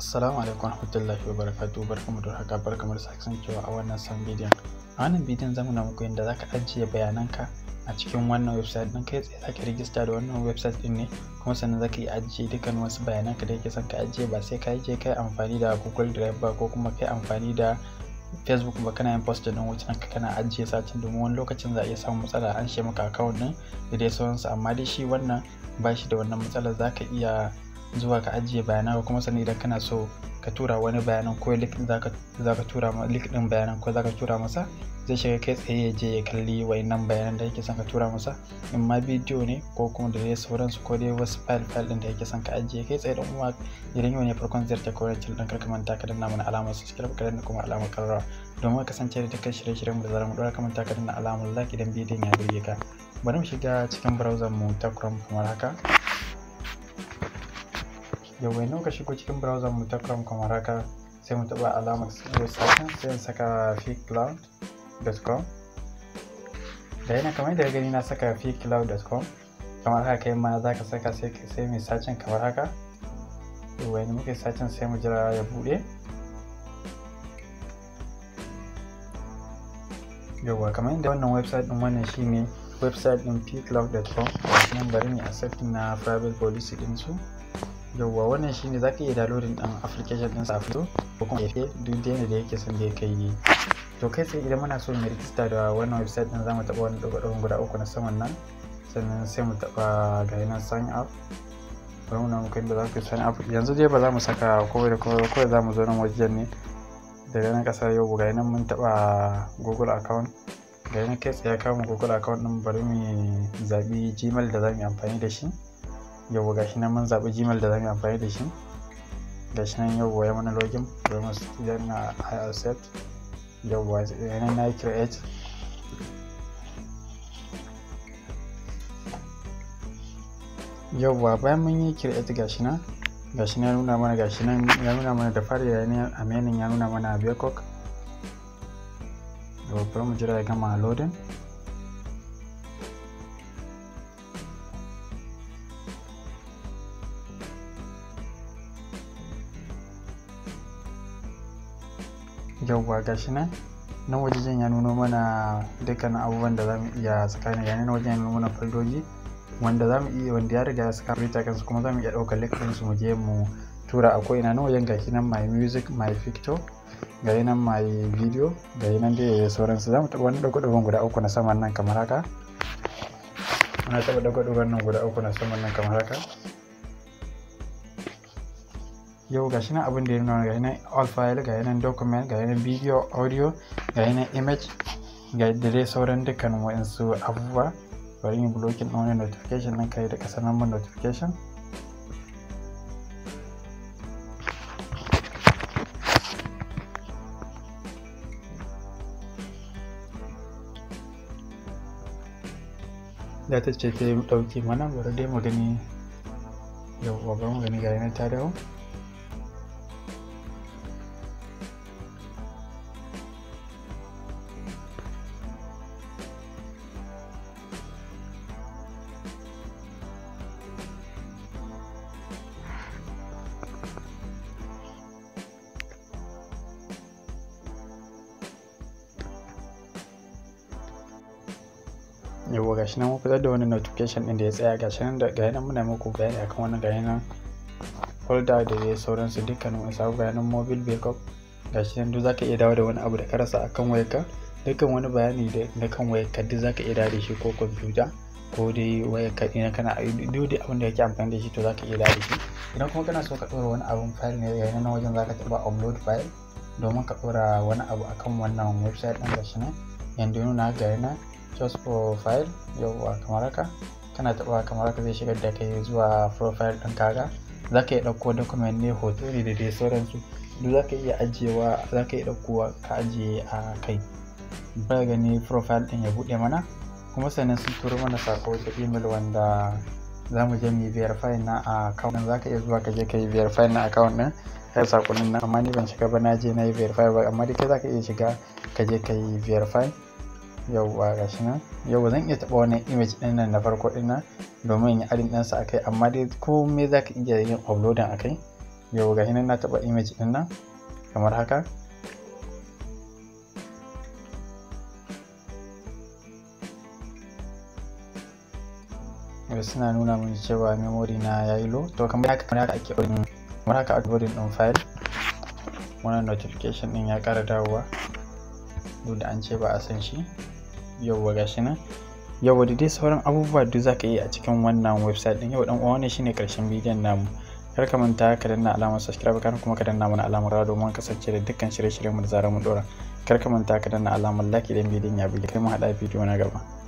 Assalamu alaikum warahmatullahi wabarakatuh barkamu da haka barkamu da kasancewa a wannan san bidiyon. A wannan bidiyon zamu na muku yadda zaka ajiye bayananka a cikin wannan website din kai tsaye zaka rijista da wannan website din ne kuma sannan zaka yi ajiye dukkan wasu bayananka da yake son ka ajiye ba sai ka je kai amfani da Google Drive ba ko kuma kai amfani da facebook ba kana yin post din wucin ka kana ajiye satin domin wani lokacin za a iya samun matsala an shi maka account din da dai sauransu amma dai shi wannan ba shi da wannan matsalar zaka iya zuwa ka ajiye bayanan ko kuma sani idan kana so ka tura wani bayanan ko link din za ka tura link din bayanan ko za ka tura masa zai shiga kai tsaye ya je ya kalli wayannan bayanan da yake son ka tura masa in ma bidiyo ne ko kuma da dai sauransu ko dai wasu file file din da yake son ka ajiye kai tsaye dan uwa idan yau ne farkon ziyarta ko rancin dan karka manta ka danna mana alamar subscribe ka danna kuma alamar karrawa domin kasance da dukkan shirye-shiryen mu da zarar mu dora ka manta ka danna alamar like idan bidiyon ya burge ka bari mu shiga cikin browser mu ta Chrome kamar haka yawai nan ka shigo cikin browser mu ta chrome kamar haka sai mu taɓa alamar website sai in saka fakecloud.com da yana kamar da gani na saka fakecloud.com kamar haka kai ma za ka saka sai mai sacin kamar haka yawai ne muka yi sacin sai mu jira ya bude yawa kamar yadda wannan website din wannan shine website din fakecloud.com nan bari ne accept na private policy din su yauwa wannan shine za ka iya downloading ɗan application ɗin safi ko kuma yake duk da yadda yake son da ya kai to kai sai idan muna so mu register da wannan website za mu taɓa wani dogon guda uku na saman nan sannan sai mu taɓa ga nan sign up bari mu muka da za ka sign up yanzu dai ba za mu saka kowai da kowai kowai za mu zo nan wajen ne daga nan kasa yau ga nan mun taɓa google account ga nan kai tsaye kama google account ɗin bari mu zabi gmail da za mu yi amfani da shi yau ga shi nan mun zaɓi gmail da zan yi amfani da shi ga shi nan yau ya mana login domin mu idan na i accept yau yana na create yauwa bayan mun yi create gashi nan gashi nan ya nuna mana gashi nan ya nuna mana da fari ya a menin ya nuna mana a bekok da babbar mu jira ya gama loading yauwa gashi nan waje wajen ya nuno mana dukkanin abubuwan da zamu iya tsakanin yayin na wajen ya nuno mana foldoji wanda zamu iya wanda ya riga ya rita kansu kuma zamu iya ɗaukar lekkin su mu je mu tura a ko'ina na wajen gashi nan my music my picture gari nan my video gari nan dai da sauransu zamu taɓa wani ɗauko-ɗaukon guda uku na saman nan kamar haka muna taɓa ɗauko-ɗaukon nan guda uku na saman nan kamar haka yau ga shi nan abin da ya nuna ga nan all file ga nan document ga nan video audio ga nan image ga da dai sauran dukkan wa'insu abubuwa bari yin blocking ɗin wani notification ɗin kai da ƙasar number notification za ta ce ta yi ɗauki mana bari dai mu gani yau ba mu gani ga ta dawo yawo ga shi nan mun fitar da wani notification din da ya tsaya ga shi nan da ga nan muna muku bayani akan wannan ga nan folder da ya sauransu dukkanin mu sabu ga nan mobile backup ga shi nan duk zaka iya dawo da wani abu da ka rasa akan wayarka dukkan wani bayani da na kan wayarka duk zaka iya dawo da shi ko computer ko dai wayarka ina kana duk dai abin da yake amfani da shi to zaka iya dawo da shi idan kuma kana so ka ɗora wani abun file ne ga yanan wajen zaka taɓa upload file domin ka ɗora wani abu akan wannan website ɗin gashi shi nan yanzu nuna ga nan just profile yauwa kamar haka kana taɓa kamar haka zai shigar da kai zuwa profile ɗin kaga za ka iya ɗauko document ne hoto ne da dai sauransu duk za ka iya ajiyewa za ka iya ɗaukowa ka ajiye a kai ba gani profile ɗin ya buɗe mana kuma sannan sun turo mana sako da email wanda za mu je mu yi verify na account ɗin za ka iya zuwa ka je ka yi verify na account ɗin kai sakonin nan amma ni ban shiga ba na je na yi verify ba amma dai kai za ka iya shiga ka je ka yi verify yauwa ga shi nan yau zan iya taɓa wannan image ɗin nan na farko ɗin nan domin yi adin ɗinsa a kai amma dai me za ka iya yin uploading a kai yau ga hinan na taɓa image ɗin nan kamar haka suna nuna mun cewa memory na yayi low to kamar haka kamar haka ake ɗin kamar haka ake ɗin file wannan notification ɗin ya ƙara dawowa duk da an ce ba a san shi yauwa gashi nan yauwa da dai sauran abubuwa duk zaka yi a cikin wannan website din yau dan uwa wannan shine karshen bidiyon namu kar ka manta ka danna alamar subscribe kan kuma ka danna mana alamar rawa domin kasance da dukkan shirye-shiryen mu da zarar mu dora kar ka manta ka danna alamar like idan bidiyon ya bi kai mu hada bidiyo na gaba